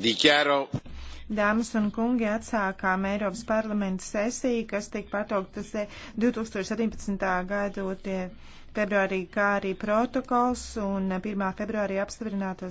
Dichiaro. Dāmas un kungi, atsākām Eiropas parlamenta sesiju, kas tika pataukta 2017. gada 2. februārī, kā arī protokols un 1. februārī apstiprinātas